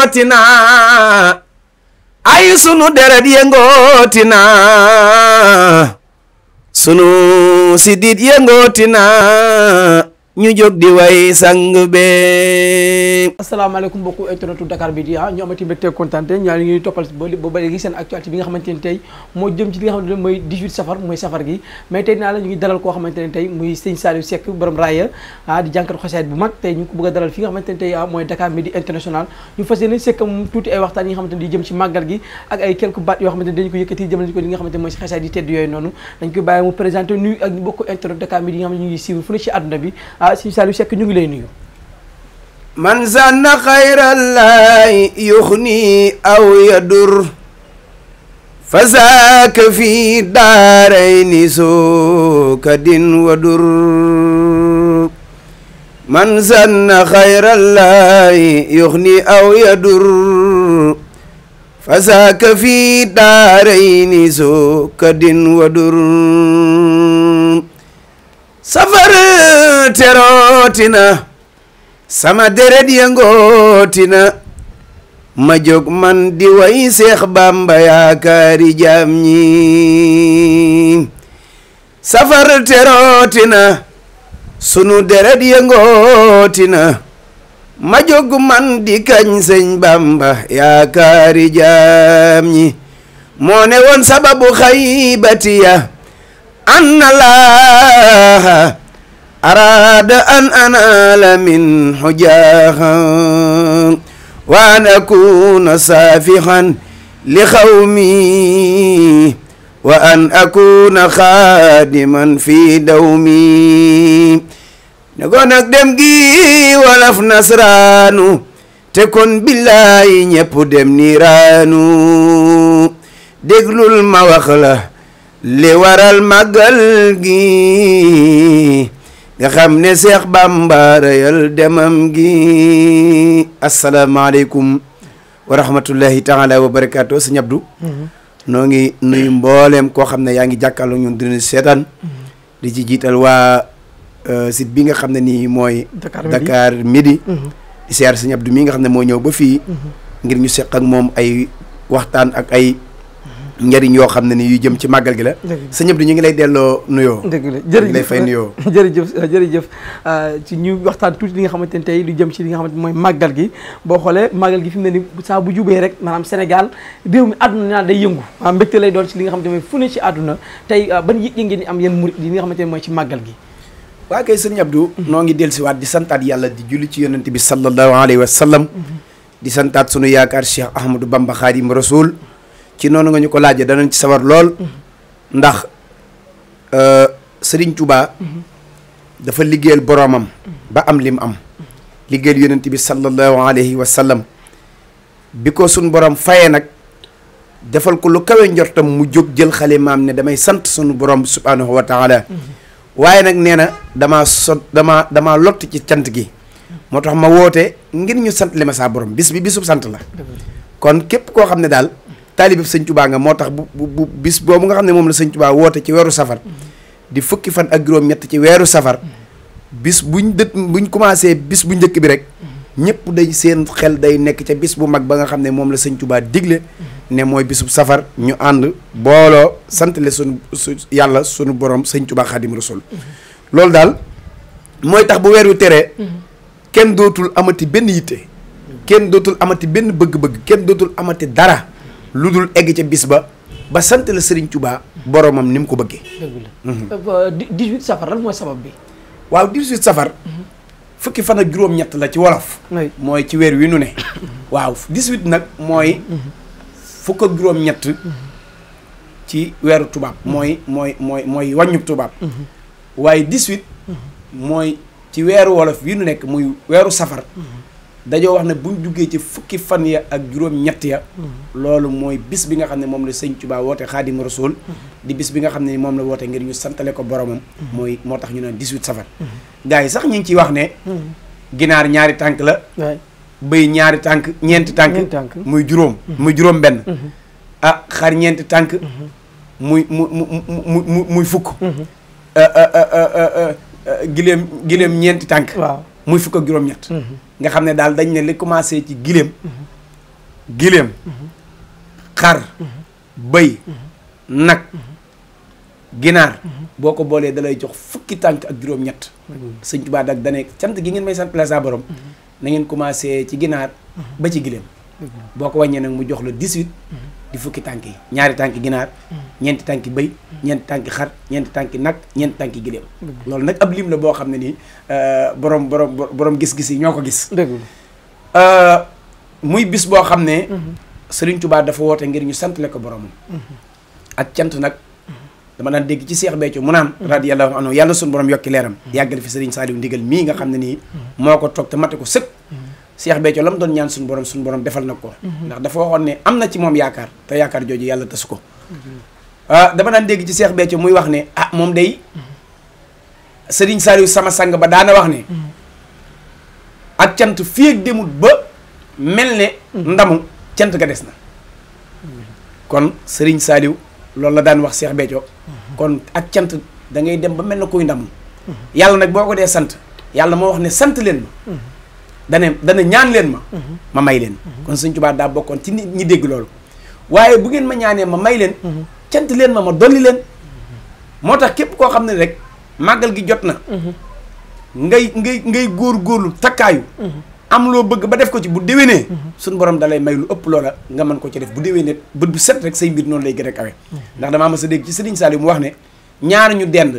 yëngootina ay sunu deret yëngootina sunu sidit yëngootina ñu jóg di way sang be asalaamaaleykum mbokku internetu Dakar ah, bi ñu amati mbégte kontante ñaa li tey ne mooy 18 safar mooy safar gi mais ñu ngi dalal xamante ne tey muy sëñ Saliou Seck borom raaya ah di jànkatu xasaayit bu mag tey a dalal fi nga xamante ne tey ah mooy Dakar Midi International ñu fas yéene sekk moom tuuti ay waxtaan yi nga xamante di jëm ci màggal gi ak ay quelques baat yoo xamante dañu ko yëkkati jëmale ko li nga xamante mooy si xasaayit yi tedd yooyu noonu dañ koy bàyyi mu présenté nuyu ak ñu bokku internet Dakar Midi yi nga xam ñu ngi fu ne ci àdduna bi ah si Saliou Seck ñu ngi lay nuyu man zanna xayrallahi yuxni aw yadur fa zaaka fi daarayni suukadin wa dur man zanna xayrallahi yuxni aw yadur fa zaaka fi daarayni suukadin wa dur safar terootina sama deret yëngootina ma jóg man di way seex yaakaari jaam ñi safar terootina sunu deret yëngootina ma jóg man di kañ sëñ bàmba yaakaari jaam ñi moo ne woon sababu xaybati ya anna أراد أن أنال من حجاها وأن أكون سافحا لقومي وأن أكون خادما في دومي نقول نك دم جي ولف نصرانو تكون بالله ñepp dem niiraanu déglul ma wax la li waral màggal gi nga xam ne Seex Bamba rayal demam gi asalaamaaleykum wa rahmatullahi taala wa barakaatu sëñ Abdou mm-hmm. noo ngi nuyu mbooleem koo xam ne yaa ngi jàkkaarloo ñun dinañu seetaan mm-hmm. di ci jiital waa euh, site bi nga xam ne nii mooy Dakar Midi mm-hmm. di siyaar sëñ Abdou mii nga xam ne moo ñëw ba fii ngir ñu seq ak moom ay waxtaan ak ay njëriñ yoo xam ne ni yu jëm ci màggal gi la sëñ Abdou ñu ngi lay delloo nuyoo dëgg la jërëjëf lay fay nuyoo jërëjëf jërëjëf ah, ci ñu waxtaan tuuti li nga xamante ne tey lu jëm ci li nga xamante mooy màggal gi boo xoolee màggal gi fi mu ne ni saa bu jubee rek am Sénégal réew mi àdduna naa day yëngu maanaam mbégte lay doon ci li nga xamante mooy fu ne si àdduna tey ah, ban yëg ngeen di am yéen murit yi li nga xamante ne mooy ci màggal gi waa kay sëñ Abdou mm-hmm. noo ngi dellusiwaat di santaat yàlla di julli ci yonent bi sallallahu alayhi wa sallam mm-hmm. di santaat sunu yaakaar Cheikh Ahmadou Bamba Khadim Rasoul ci noonu nga ñu ko laajee danañ ci sawar lool ndax euh, Sëriñ Tuubaa dafa liggéeyal boroomam ba am lim am liggéeyal yonent bi sallallahu alayhi wa sallam bi ko suñ boroom faye nag defal ko lu kawe njortam mu jóg jël xale maam ne damay sant sunu borom subhanahu wa taala waaye nag nee na dama so dama damaa lott ci cant gi moo tax ma woote ngir ñu sant li ma saa borom bis bi bisu sant la kon képp koo xam ne daal taalibe sëñ Tuubaa nga moo tax bu bu bis boobu nga xam ne moom la sëñ Tuubaa woote ci weeru safar di fukki fan ak juróom-ñett ci weeru safar bis buñ dët buñ commencé bis bu njëkk bi rek ñëpp day seen xel day nekk ca bis bu mag ba nga xam ne moom la sañ Tuubaa digle ne mooy bisub safar ñu ànd booloo sant le sunu su yàlla sunu borom sëñ Tuubaa Xaadim Rasul loolu daal mooy tax bu weer wi teree kenn dootul amati benn yitte kenn dootul amati benn bëgg-bëgg kenn dootul amati dara lu dul egg ca bis ba ba sant la Serigne Touba boromam ni mu ko bëggee. dëgg la 18 mhm. euh, mooy sabab bi. waaw 18 safar. Mhm. fukki fan ak juróom-ñett la ci wolof. mooy ci weer wi nu ne. Mhm. waaw 18 nag mooy. fukk ak juróom-ñett. ci weeru tubaab. mooy mooy mooy mooy tubaab. waaye 18. mooy ci weeru wolof wi nu nekk muy weeru safar. dañoo wax ne buñ juggee ci fukki fan ya ak juróom-ñett ya mhm. loolu mooy bis bi nga xam ne moom la sëñ Tuubaa woote xaadimu rasuul mhm. di bis bi nga xam ne moom la woote ngir ñu santale ko boromam mhm. mooy moo tax ñu naan 18 safar gars sax ñu ngi ciy wax ne ginaar ñaari tànk la bëy ñaari tànk ñeenti tànk muy juróom muy juróom benn ah xar ñeenti tànk muy mu mu mu muy fukk euh, euh, euh, giléem giléem ñeenti tànk muy fukk ak juróom-ñett. Mm-hmm. nga xam ne daal dañ ne li commencé ci gileem. Mm-hmm. gileem. Mm-hmm. xar. bëy. nag. ginaar. boo ko boolee dalay jox fukki tànk ak juróom-ñett. sëñ Tuubaa nag dane cant gi ngeen may sant plaza borom. na ngeen commencé ci ginaar. ba ci gileem. boo ko wàññee nag mu jox la 18. di fukki tànk yi ñaari tànk ginaar ñeenti tànk bëy ñeenti tànk xar ñeenti tànk nag ñeenti tànk giléem loolu nag ab lim la boo xam ne nii euh, borom borom borom gis-gis yi ñoo ko gis euh, muy bis boo xam ne mhm. Serigne Touba dafa woote ngir ñu santale ko boromam mhm. ak cant nag mhm. dama daan dégg ci Seex Béthio mu naan radiyallahu anhu yàlla suñu borom yokki leeram yàggal fi Serigne Saliou ndigal mii nga xam ne nii moo ko toog te ko sëkk Cheikh Béthio la mu doon ñaan suñu borom suñu borom defal na ko mhm. ndax dafa waxoon ne am na ci moom yaakaar te yaakaar jooju yàlla tas ko mhm. ah, dama daan dégg ci Cheikh Béthio muy wax ne ah moom day mhm. Serigne Saliou sama sang ba daana wax ak cant fii ak demut ba cant ga des na kon loolu la daan wax Cheikh Béthio kon ak cant dangay dem ba mel na kuy ndam yàlla nag boo ko dee sant yàlla moo wax ne sant leen ma dane dana ñaan leen ma mhm. ma may leen mhm. kon Sëñ Tuubaa daa bokkoon ci nit ñi dégg loolu waaye bu ngeen ma ñaanee ma may leen mhm. cant leen ma ma dolli leen moo tax képp koo xam ne rek màggal gi jot na ngay ngay ngay góor góorlu takkaayu am loo bëgg ba def ko ci bu dewee déwénee suñu borom dalay may lu ëpp loola nga mën ko ci def bu déwénee bët bu set rek say mbir noonu lay gën a kawe ndax damaa mas a dégg ci Sëriñ Saliou mu wax ne ñaar ñu dend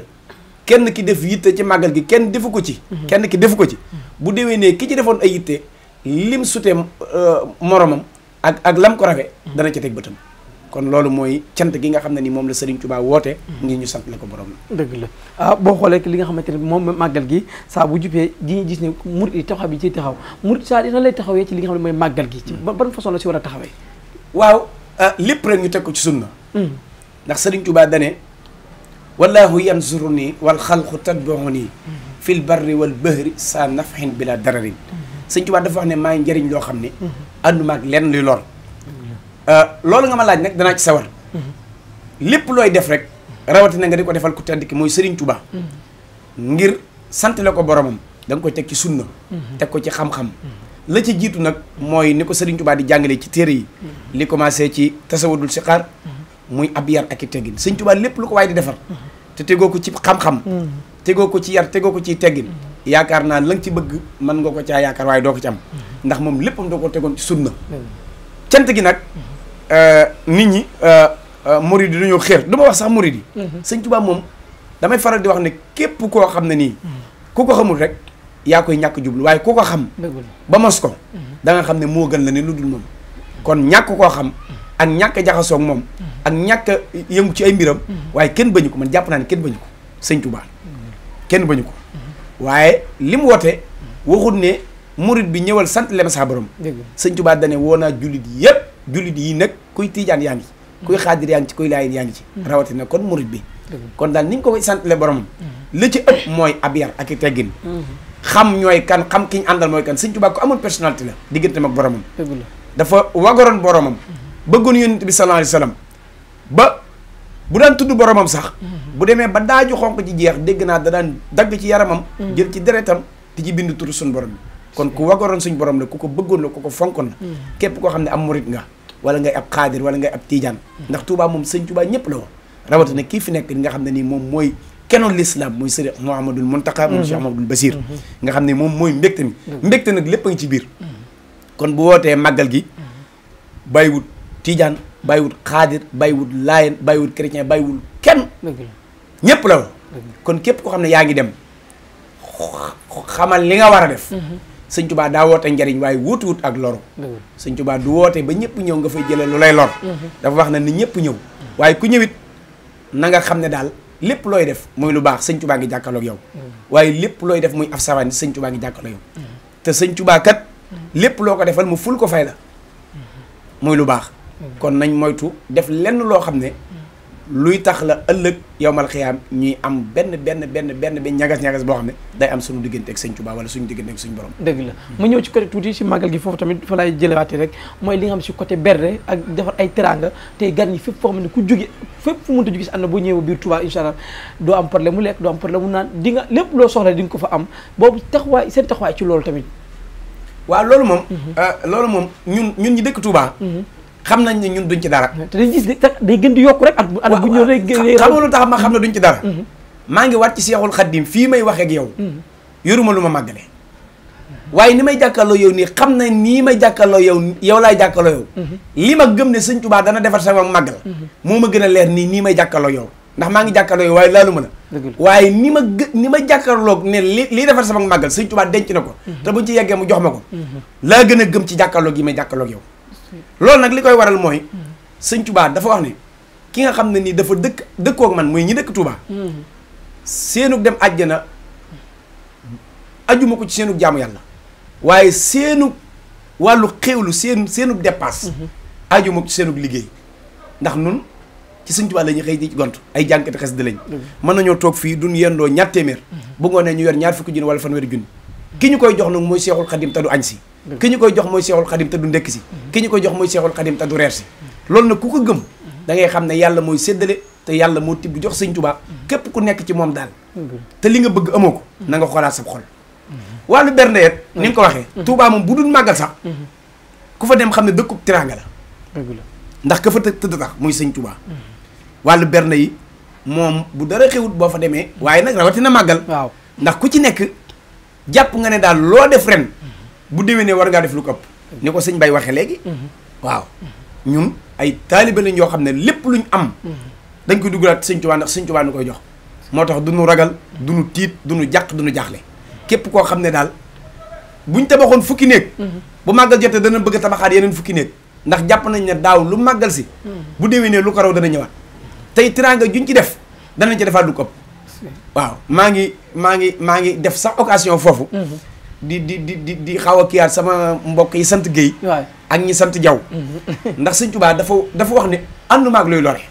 kenn ki def yitte ci màggal gi kenn defu ko ci. Mhm. kenn ki defu ko ci. bu ne ki ci defoon ay yitte lim sutee euh, moromam ak ak lam ko rafe mhm. dana ci bëtam. kon loolu mooy cant gi nga xam ne ni moom la Serigne Touba woote. Mhm. ngir ñu sant la ko borom la. dëgg la ah, boo xoolee li nga xamante ne moom màggal gi saa bu jubee di ñu gis ne murit yi bi ciy taxaw murit saa dina lay taxawee ci li nga xam ne mooy màggal gi. ci ban façon la si war a taxawee. waaw ah, lépp rek ñu teg ko ci sunna hmm. ndax Serigne Touba dane wallaahu yanzuruni wal xalqu tatbauni fil barri wal bahri sa nafxin bila dararin sëñ Tuubaa dafa wax ne maa ngi loo xam ne ànduma ak lenn luy lor euh, loolu nga ma laaj nag danaa ci sawar lépp looy def rek rawatina nga di ko defal ku tedd ki mooy sëriñ Tuubaa ngir sant ko boromam da ko koy teg ci sunna teg ko ci xam-xam la ci jiitu nag mooy ni ko sëriñ Tuubaa di jàngalee ci téere yi li commencé ci tasawudul siqaar muy ab yar ak i teggin sëñ Tuubaa lépp lu ko waaye di defar te tegoo ko ci xam-xam tegoo ko ci yar tegoo ko ci teggin yaakaar naa la ci bëgg man nga ko caa yaakaar waaye doo ko ci am ndax moom léppam doo ko tegoon ci sunna cant gi nag euh, nit ñi euh, euh, murid yi dañoo xéer du ma wax sax murid yi sëñ moom damay faral di wax ne képp koo xam ne nii ku ko xamul rek yaa koy ñàkk jublu waaye ku ko xam ba mos ko da nga xam ne moo gën la ne lu dul moom kon ñàkk ak ñàkk a jaxasoo moom mm-hmm. ak ñàkk a yëngu ci ay mbiram mm-hmm. waaye kenn bañu ko man jàpp naa ne kenn bañu ko sëñ Tuubaa mm-hmm. kenn bañu ko waaye li mu woote waxut ne murit bi ñëwal sant leen sa borom sëñ Tuubaa dane woo naa jullit yëpp jullit yi nag kuy tiijaan yaa ngi kuy xaadir yaa ngi kuy laayin yaa ngi ci rawatina kon murit bi kon daal ni ñu ko koy santale boromam li ci ëpp mooy ab yar ak i teggin xam ñooy kan xam ki ñu àndal mooy kan sëñ Tuubaa ko amoon personnalité la digganteem ak boromam dafa wagoroon boromam bëggoon yonent bi sallallahu alayhi wasallam ba bu daan tudd boromam sax mhm. bu demee ba daaju xonq ci jeex dégg naa da daan dagg ci yaramam mhm. jël ci deretam di ci bind tudd suñu borom bi kon ku wagooroon suñu borom la ku ko bëggoon la ko ko fonkoon la mhm. képp koo xam ne am murit nga wala ngay ab xaadir wala ngay ab tiijaan ndax Touba moom sëñ Touba ñëpp la woon rawatina kii fi nekk li nga xam ne nii moom mooy kenoon l'islam mooy sëriñ Mouhamadul Mountakha moom Cheikh Mouhamadul Basir nga xam ne moom mooy mbégte mi mbégte lépp a ci biir kon bu wootee màggal gi tijaan bàyyiwul xaadir bàyyiwul laayen bàyyiwul chrétien bàyyiwul kenn ñépp la kon képp koo xam ne yaa ngi dem xamal li nga war a def mhm. sëñ daa woote njariñ waaye wuutu wut ak loru sëñ tubaa du woote ba ñëpp ñëw nga fa jëlee lu lay lor mhm. dafa wax na ni ñëpp ñëw waaye ku ñëwit na nga xam ne daal lépp looy def muy lu baax sëñ tubaa ngi jàkkaarloog yow mhm. waaye lépp looy def muy af sawaani sëñ tubaa ngi jàkkaarloog yow te sëñ tubaa lépp loo ko defal mu ful ko fay la muy lu baax kon nañ moytu def lenn loo xam ne luy tax la ëllëg yowmal xiyaam ñuy am benn benn benn benn benn ñagas-ñagas boo xam ne day am suñu diggante ak sëñ Tuubaa wala suñu diggante ak suñu borom dëgg la ma ñëw ci côté tuuti ci màggal gi foofu tamit fa laay jëlewaatee rek mooy li nga xam ci defar ay teraanga tey gan yi fépp foo xam ne ku jóge fépp fu mënta jóge ci ànd bu ñëwee biir Tuubaa incha allah doo am problème mu lekk doo am problème mu naan di nga lépp loo soxla di nga ko fa am boobu taxawaay seen taxawaay ci loolu tamit waaw loolu moom mhm. euh, loolu moom ñun ñun ñi dëkk Tuubaa mhm. xam nañ ne ñun duñ ci dara. te dañuy gis day gën di yokk rek at bu at bu ñëw day. xamoo lu tax ma xam ne duñ ci dara. Mm-hmm. maa ngi waat ci Seexul Xaddim fii may wax ak yow. Mm-hmm. yoruma lu ma màggale. waaye ni may jàkkaarloo yow nii xam na nii may jàkkaarloo yow yow laay jàkkaarloo yow. Mm-hmm. li ma ne sëñ Tuubaa dana defar sama màggal. moo ma gën leer nii nii may jàkkaarloo yow ndax maa ngi jàkkaarloo yow waaye laaluma la. waaye ni ma gë ni ma jàkkaarloo ne li li defar sama màggal sëñ Tuubaa denc na ko. te buñ ci yeggee mu jox ma ko. laa gën a gëm ci jàkkaarloo gi may jàkkaarloo yow loolu nag li koy waral mooy sëñ dafa wax ni ki nga xam ne nii dafa dëkk dëkkook man mooy ñi dëkk Touba seenug dem àjjana ajuma ko ci seenug jaamu yàlla waaye seenug wàllu xéewlu seen seenug dépense ajuma ko ci seenug liggéey ndax nun ci sëñ Touba la ñuy xëy di gont ay jànkati xes di lañ mm-hmm. mën nañoo toog fii duñ yendoo ñaar téeméer bu ngoonee ñu yor ñaar fukki junni wala fanweeri junni ki ñu koy jox nag mooy seexul xadim te du añ si ki ñu koy jox mooy seexul xadim te du ndekk si ki ñu koy jox mooy seexul xadim te du reer si loolu nag ku ko gëm da ngay xam ne yàlla mooy séddale te yàlla moo tibb jox sëñ Tuubaa képp ku nekk ci moom daal te li nga bëgg amoo ko na nga xoolaat sa xol wàllu bernde yet ni ko waxee Tuubaa moom bu dul màggal sax ku fa dem xam ne dëkkub teraanga la ndax ka fa tëdd tax muy sëñ Tuubaa wàllu bernde yi moom bu dara xewut boo fa demee waaye nag na màggal waaw ndax ku ci nekk jàpp nga ne daal loo def ren bu dewee déwénee war ngaa def lu ko ëpp ni ko sëñ bay waxee léegi mhm. waaw ñun ay taalibe lañ yoo xam ne lépp lu ñu am mhm. dañ koy duggaat sëñ Tuubaa ndax sëñ Tuubaa ni koy jox moo tax du nu ragal du nu tiit du nu jàq du nu jaaxle képp koo xam ne daal buñ tabaxoon fukki néeg mhm. bu màggal jotee dana bëgg tabaxaat yeneen fukki néeg ndax jàpp nañ ne daaw lu màggal si bu nee lu ko raw dana ñëwaat tey teraanga juñ ci def danañ ci defaat lu waaw maa ngi maa ngi maa ngi def sax occasion foofu. Mhm. di di di di di xaw a kiyaat sama mbokk yi sant géey ak ñi sant Diaw. Mhm. ndax sëñ Tuubaa dafa dafa wax ne ànduma ak luy lore.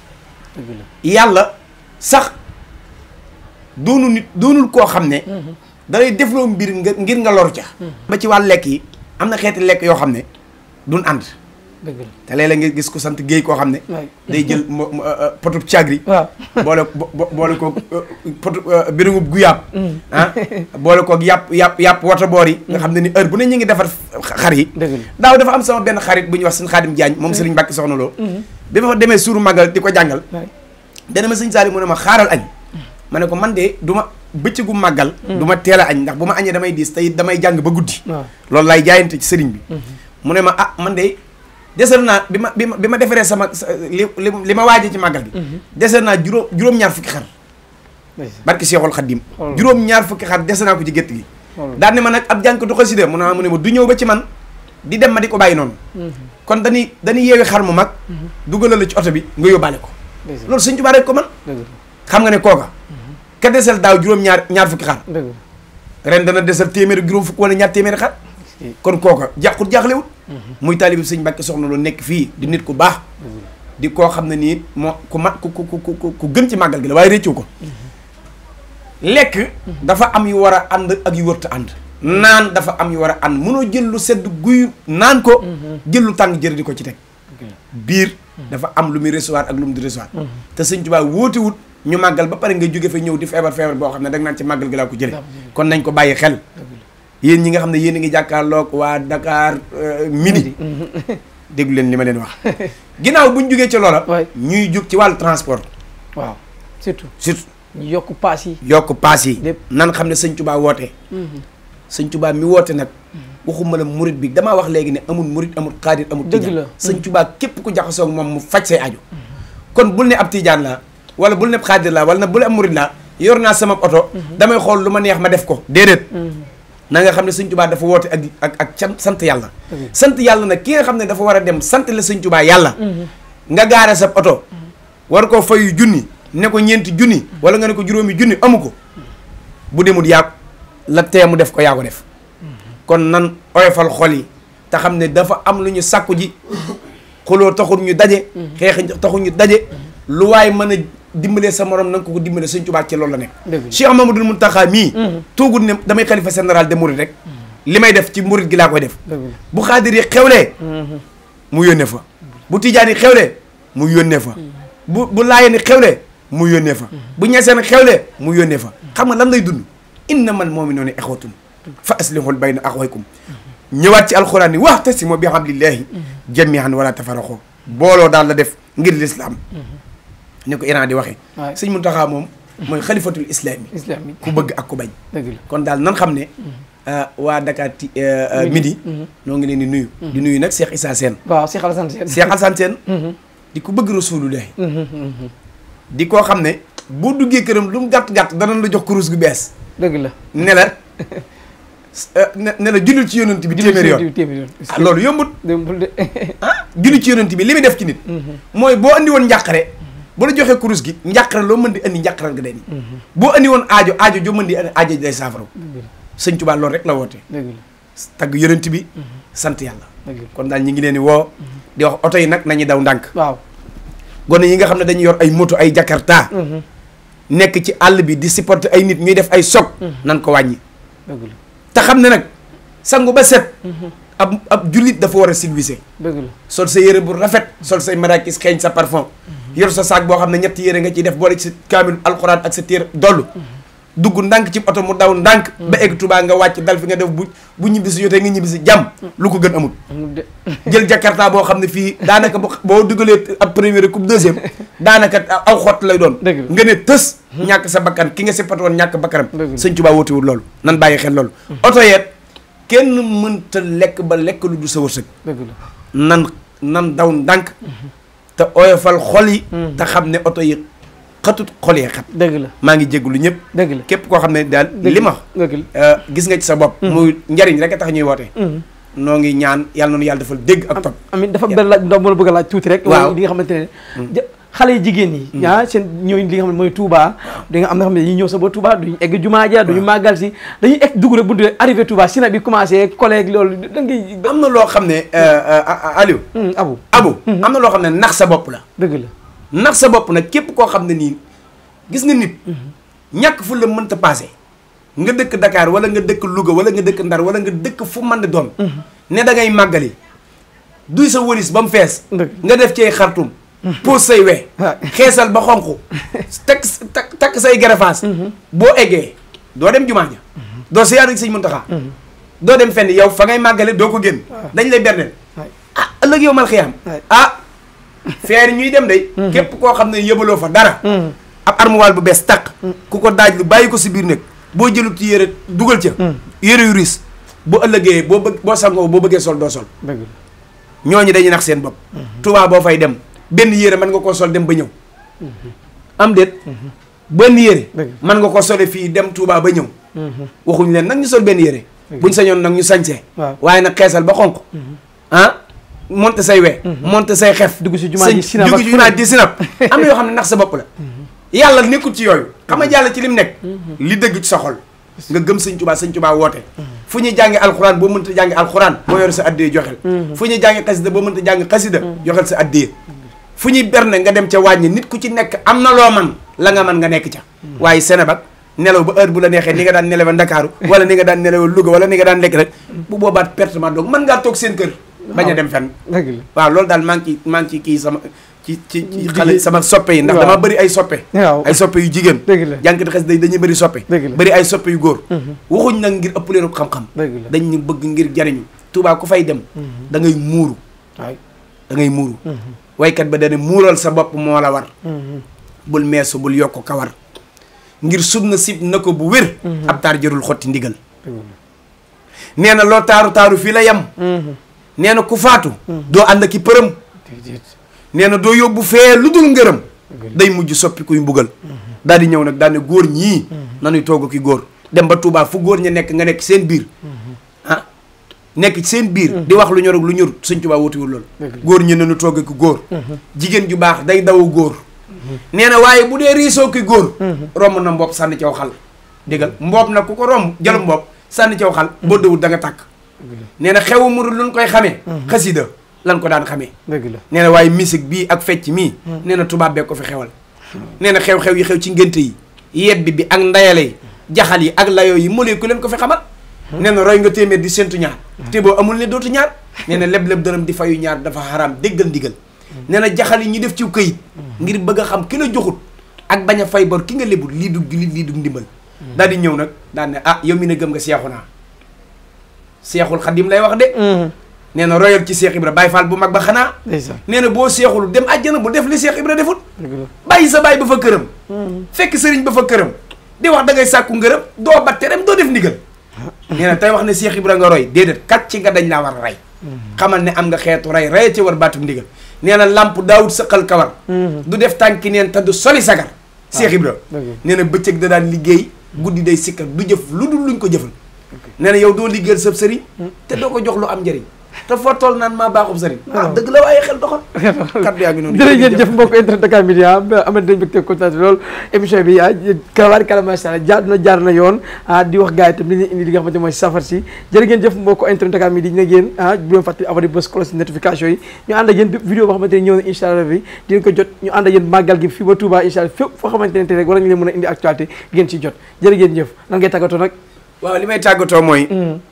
yàlla sax doonu nit doonul koo xam ne. Mhm. da lay defloo mbir ngir nga loru ca. ba ci wàllu lekk yi am na xeeti lekk yoo xam ne dun ànd. te léeg-léeg gis ko sant géey koo xam ne day jël euh, euh, potub cagri boole boole koog euh, potu biringub guyaab mm. ah boole koog yàpp yàpp yàpp wata boor yi nga mm. xam ne ni heure bu ne ñu ngi defar xar yi daaw dafa am sama benn xarit bu ñuy wax sëñ Xaadim Jaañ moom mm. sëriñ Mbàkke Soxna Lo bi ma fa demee suuru maggal di ko jàngal dana ma sëñ Saali mu ne ma xaaral añ ma ne ko man de du ma bëccëgu maggal du ma teel a añ ndax bu ma añee damay diis tey damay jàng ba guddi loolu laay jaayante ci sëriñ bi mm-hmm. desal naa bi ma bi ma bi defaree sama li li ma waajee ci màggal gi. Mhm. desal naa juróom juróom-ñaar fukki xar. barki Seexul Xaddim juróom-ñaar fukki xar des naa ko ci gétt gi. daan ne ma nag ab jànk du xasida mu ne ma du ñëw ba ci man di dem ma di ko bàyyi noonu. Mhm. kon dañuy dañuy yeewi xar mu mag. Mhm. dugalal la ci oto bi nga yóbbaale ko. loolu suñ Tuubaa rek ko man xam nga ne kooka. ka desal daaw juróom-ñaar ñaar fukki xar. ren dana desal téeméeri juróom fukk wala ñaar téeméeri xar. kon kooka jàqut jaaxlewut muy taalibi sëñ Mbàkke soxna lu nekk fii di nit ku baax di koo xam ne nii moo ku mat ku ku ku ku gën ci màggal gi waaye réccu ko lekk dafa am yu war a ànd ak yu wërta ànd naan dafa am yu war a ànd mënoo jël lu sedd guy naan ko jël lu tàng jër ko ci teg biir dafa am lu muy lu mu di recevoir te ñu màggal ba pare nga jóge fa ñëw di feebar feebar boo ne da nga ci màggal gi laa ko jële kon nañ ko bàyyi xel yéen ñi nga xam ne yéen a ngi jàkkaarloog waa Dakar euh, midi déglu leen li ma leen wax ginnaaw bu ñu jugee ci loola ñuy jóg ci wàllu transport waaw surtout surtout yokk paas yi yokk paas yi nan xam ne sëñ Touba woote mhm. sëñ Touba mi woote nag mhm. waxuma la murit bi damaa wax léegi ne amul murit amul xaadir amul la sëñ mhm. Touba képp ku jaxasoo moom mu faj say aju kon bu ne ab tijaan la wala bu ne ab xaadir laa na bul ne ab murit laa yor naa sama oto damay xool lu ma neex ma def ko déedéet na nga xam ne sëñ Tuubaa dafa woote ak ak ak sant yàlla mm-hmm. sant yàlla nag ki nga xam ne dafa war a dem sant la sëñ Tuubaa yàlla mm-hmm. nga gaare sa oto mm-hmm. war koo fayu junni ne ko ñeenti junni wala nga ne ko juróomi junni amu ko bu demul yaa la tee mu def ko yaa ko def kon nan oyofal xol yi te xam ne dafa am lu ñu sàkku ji xuloo taxul ñu daje xeex taxul ñu daje lu waay mën a dimbalee sa morom na nga ko dimbalee sëñ Tuubaa ci loolu la nekk. dëgg Cheikh mu Mountakha mii. Mhm. toogul ne damay xalifa général de Mouride rek. Mhm. li may def ci Mouride gilaa laa koy def. bu xaadir yi xewlee. Mhm. mu yónnee fa. bu tijaan yi xewlee mu yónnee fa. bu bu laayeen yi xewlee mu yónnee fa. bu ñeseen xewlee mu yónnee fa. xam nga lan lay dund innamal mu'minuuna ixwatun fa aslihul bayna axwaykum ñëwaat ci alxuraan yi waxtasimu bi hablillahi jamii'an wala tafarraqu booloo daal la def ngir lislaam ni ko Iran di waxee. waaw sëñ Muntaxa moom. mooy xalifatul islami islami ku bëgg ak ku bañ. kon daal nan xam ne. Mhm. Euh, waa Dakar ti euh, euh, midi. Mhm. ñoo ngi leen di nuyu. Mhm. di nuyu nag seex Issa Sène. waaw Cheikh di ku bëgg Rasulullah. di koo xam ne boo duggee këram lu mu gàtt gàtt danañ la jox kurus gu bees. dëgg la ne la ne la jullil ci yonent bi téeméer yoon ah loolu yombut. yombut ah, ci yonent bi li muy def ci nit. mooy boo indi woon njàqare. bu la joxee kurus gi njàqaran loo mën di andi njàqaran nga day ni boo andi woon aajo aajo joo mën di andi aajo day saafara sëñ Tuubaa loolu rek la woote tag yërënt bi mhm. sant yàlla kon daal ñi ngi leen di woo mhm. di wax oto yi nag nañu daw ndànk waaw gone yi nga xam ne dañu yor ay moto ay jakarta mhm. nekk ci àll bi di supporter ay nit ñuy def ay soog nan ko wàññi te xam ne nag sangu ba set ab ab jullit dafa war a civilisé. dëgg la sol sa yére bu rafet sol say marakis xeeñ sa parfum. Mhm. yor sa saak boo xam ne ñetti yére nga ciy def boole ci sa kaamil alxuraan ak sa téere dollu. Mhm. dugg ndànk ci oto mu daw ndànk. Mhm. ba egg Touba nga wàcc dal fi nga def bu bu ñibbi si yotee nga ñibbi si jàmm. lu ko gën amul. jël jakarta boo xam ne fii daanaka boo dugalee ab première coupe deuxième daanaka aw xott lay doon. nga ne tës. ñàkk sa bakkan ki nga sippat woon ñàkk bakkanam. dëgg la sëñ Touba wootiwul loolu nan bàyyi xel loolu. oto yeet kenn mënta lekk ba lekk lu du sa wërsëg nan nan daw ndànk te oyofal xol yi mm-hmm. te xam ne oto yi xatut xol yi xat dëgg la maa ngi lu ñëpp dëgg la képp koo xam ne daal li ma euh, gis nga ci sa bopp mm-hmm. muy njariñ rek tax ñuy woote mm-hmm. noo ngi ñaan yal noonu yàlla defal dégg ak topp amiin dafa benn laaj doo mën a bëgg a laaj tuuti rek waaw li nga xamante ne mm. xale yi jigéen yi ah seen ñooy li nga xam ne mooy tuubaa da nga am na xam ne dañuy ñëw sa ba Touba duñu egg jumaa ja duñu ah. màggal si dañuy egg dugg rek buntu arrivé Touba sina bi commencé collègue loolu da ngay am na loo xam ne euh, euh, euh, Aliou mm, Abou mm-hmm. am na loo xam ne nax sa bopp la dëgg la nax sa bopp nag képp koo xam ne nii gis nga nit mm-hmm. ñàkk fu la mënta passé nga dëkk Dakar wala nga dëkk Louga wala nga dëkk Ndar wala nga dëkk fu mën di doon mm-hmm. ne da ngay màggali duy sa wëris ba mu fees nga def ci xartum pose say we xeesal ba xonq takk takk takk say garafaas mhm. boo eggee doo dem jumaa ja mhm. doo siyaare sëñ Muntaxa mhm. doo dem fen yaw fa ngay màggale doo ko génn dañ lay berdeel ah ëllëg yow mal xiyaam ah feer ñuy dem day képp koo xam ne yëbaloo fa dara ab armuwaal bu bees tàq ku ko daaj lu bàyyi ko si biir nekk boo jëlut ci yére dugal ca yére yu riis boo ëllëgee boo bëgg boo sangoo boo bëggee sol doo sol ñooñu dañuy nax seen bopp Tuubaa boo fay dem benn yére mën nga koo sol dem ba ñëw. Mhm. am déet. Mhm. benn yére. mën nga koo sole fii dem Touba ba ñëw. Mhm. waxuñ leen nag ñu sol benn yére. buñ sañoon nag ñu sañse waaye nag xeesal ba xonq ah monte say we. monte say xef. dugg si jumaa ji sinap dugg si jumaa ji sinap am na yoo xam ne nax sa bopp la. yàlla nekkul ci yooyu. xam nga yàlla ci lim nekk. li dëgg ci sa xol. nga gëm sañ Tuubaa sëñ Tuubaa woote. fu ñuy jàngi alxuraan boo mënta jàngi alxuraan. boo yor sa addee joxel. fu ñuy jàngi xasida boo mënta jàngi xasida joxel sa addee. fu ñuy berne nga dem ca wàññi nit ku ci nekk am na loo man la nga man nga nekk ca hmm. waaye Sénégal nelaw ba heure bu la neexee ni nga daan nelawa Ndakaaru wala ni nga daan nelawa Louga wala ni nga daan lekk rek bu boobaat pertement donc man ngaa toog seen kër bañ a dem fenn waaw loolu daal maa ngi ci maa ngi ci kii sama ci ci xale sama soppe yi ndax dama bari ay soppe ay soppe yu jigéen jànkati xes day dañuy bëri soppe bari ay soppe yu góor hmm. waxuñ nag ngir ëpp leen xam-xam dañ ñu bëgg ngir jariñu Touba ku fay dem hmm. da ngay muuru da ngay muuru waykat ba dana muural sa bopp moo la war mhm. bul meesu bul yokk kawar ngir sunna sib na ko bu wér mhm. ab taar jërul xotti ndigal mhm. nee na loo taaru taaru fii la yem nee na ku faatu doo ànd ki përëm nee na doo yóbbu fee lu dul ngërëm day mujj soppi kuy mbugal daal di ñëw nag daal góor ñii nanuy toog ki góor dem ba Touba fu góor ña nekk nga nekk seen biir nekk ci seen biir di wax lu ñor lu ñor Sëñ Tuubaa wutiwul loolu góor ñu nenu togg ki góor mhm. jigéen ju baax day daw góor mhm. nee na waaye bu dee riisoo ki góor mhm. romb na mboob sànni caw xal déggal mboob na ku ko romb jël mboob sànni caw xal boo dëwul da nga tàkk nee na xewu murid luñ koy xamee xasida lan ko daan xamee dëgg la nee na waaye musique bii ak fecc mi nee na tubaab bee ko fi xewal nee xew-xew yi xew ci ngénte yi yebbi bi ak ndayale yi jaxal yi ak layoo yi mu leen ko ko fi nee na roy nga téeméer di séntu ñaar te boo amul ne dootu ñaar nee na leb-leb dërëm di fayu ñaar dafa xaraam déggal ndigal nee na jaxal yi ñu def ci këyit ngir bëgg xam ki la ak bañ a fay ki nga lebul lii du jullit du ndimbal mm. daal di ñëw nag daal ne ah, yow mi ne gëm nga seexu naa seexul xadim lay wax de mm-hmm. nee na royal ci Seex Ibra Baay Faal bu mag ba xanaa nee na boo seexul dem àjjana bu def li Seex Ibra defut bàyyi sa baay ba fa këram mm-hmm. fekk sëriñ ba fa këram di wax da ngay sàkku ngërëm doo batte rem doo def ndigal nee na tey wax ne Cheikh Ibra nga roy déedéet kat ci nga dañ laa war a rey mm-hmm. xamal ne am nga xeetu rey rey ci war baatum ndigal nee na làmp daawut sëqal kawar mm-hmm. du def tànki neen te du soli sagar ah, Cheikh Ibra nee na bëccëg da daan liggéey guddi day sikkal du jëf lu dul luñ ko jëfal nee na yow doo liggéeyal sab sëriñ mm. te doo ko jox lu am njëriñ te foo toll naan maa baaxub sëriñ ah, dëgg la waaye xel doxal kaddu yaa ngi noonu jërëjëf jëf mbokk internet Dakar Media amat dañ bëgg te kontaan bi ah, karawaari na jaar na yoon ah, di wax gars yi mooy safar si jërë ngeen jëf mbokk internet Dakar Media dina ngeen ah bu leen fàttali abonné bës cloche yi ñu ànd ak yéen bépp vidéo xamante ne ñëw na incha allah bi dinañ jot ñu ànd ak yéen gi fii ba Touba incha allah fépp foo xamante ne rek war nañ leen mën a indi actualité ngeen ci jot jërë ngeen jëf lan ngay tàggatoo nag waaw li may tàggatoo mooy mm.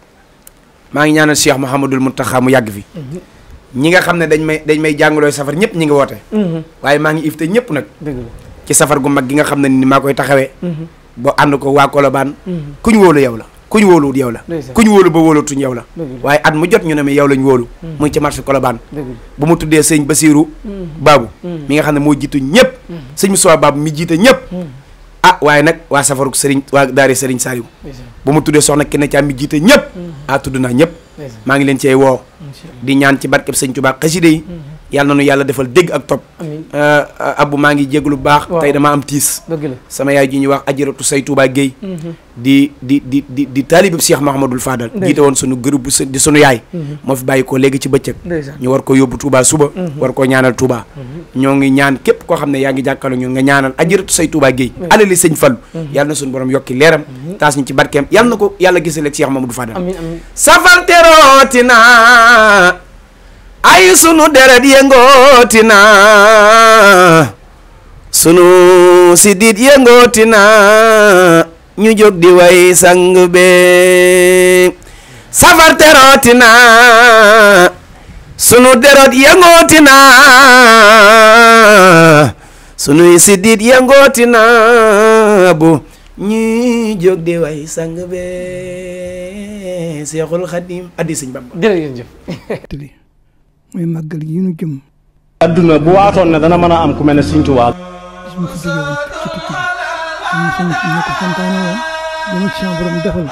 maa ngi ñaanal Cheikh Mouhamadul Mountakha mu tax mu yàgg fi mhm. ñi nga xam ne dañ may dañ may jàngalooy safar ñëpp ñu ngi woote mhm. waaye maa ngi ifte ñëpp nag ci safar gu mag gi nga xam ne ni maa koy taxawee mhm. ba ànd ko waa Kolobaan kuñ wóolu yow la ku kuñ wóoluwut yow la kuñ wóolu ba wóolutuñ yow la waaye at mu jot ñu ne mi yow lañ wóolu mu ngi ci marché Kolobaan bu mu tuddee ba Basiiru Baabu mi nga xam ne moo jiitu ñëpp sëñ Moussa Baabu mi jiite ñëpp ah waaye nag waa safaruk sëriñ waa daare sëriñ Saliou bu ma tuddee soxna Kine Thiam a jiite ñëpp mm-hmm. ah tudd naa ñëpp maa ngi leen di ñaan ci barkeb sëñ Tuubaa yàlla na nu yàlla defal dégg ak topp abbu euh, maa ngi jéglu baax tey dama am tiis sama yaay ji ñu wax ajaratu say Touba Guèye mhm. di di di di di taalibib ma Mahamadul Fadal jiite woon sunu gërëb di sunu yaay mhm. moo fi bàyyi ko léegi ci bëccëg ñu war ko yóbbu Touba suba mhm. war ko ñaanal Touba ñoo ngi ñaan képp koo xam ne yaa ngi jàkkalo ñun nga ñaanal ajaratu say Touba Guèye alali sëñ Fallu yàlla na sunu borom yokki leeram taas ñu ci barkeem yàlla na ko yàlla gisaleeg Cheikh Mahamadul Fadal safarterootina ay sunu deret yëngooti na sunu sidit yëngooti na ñu jóg di way sang be safar terooti na sunu deret yëngooti na sunuy sidit yëngooti na bu ñuy jóg di way sang be Seexul Xadim addi Sëñ Bamba mooy màggal yi ñu jëm. adduna bu waatoon ne dana mën a am ku mel ne Sëriñ Tuubaa. bis ma ko ci tukki bi ñu ko santaane woon borom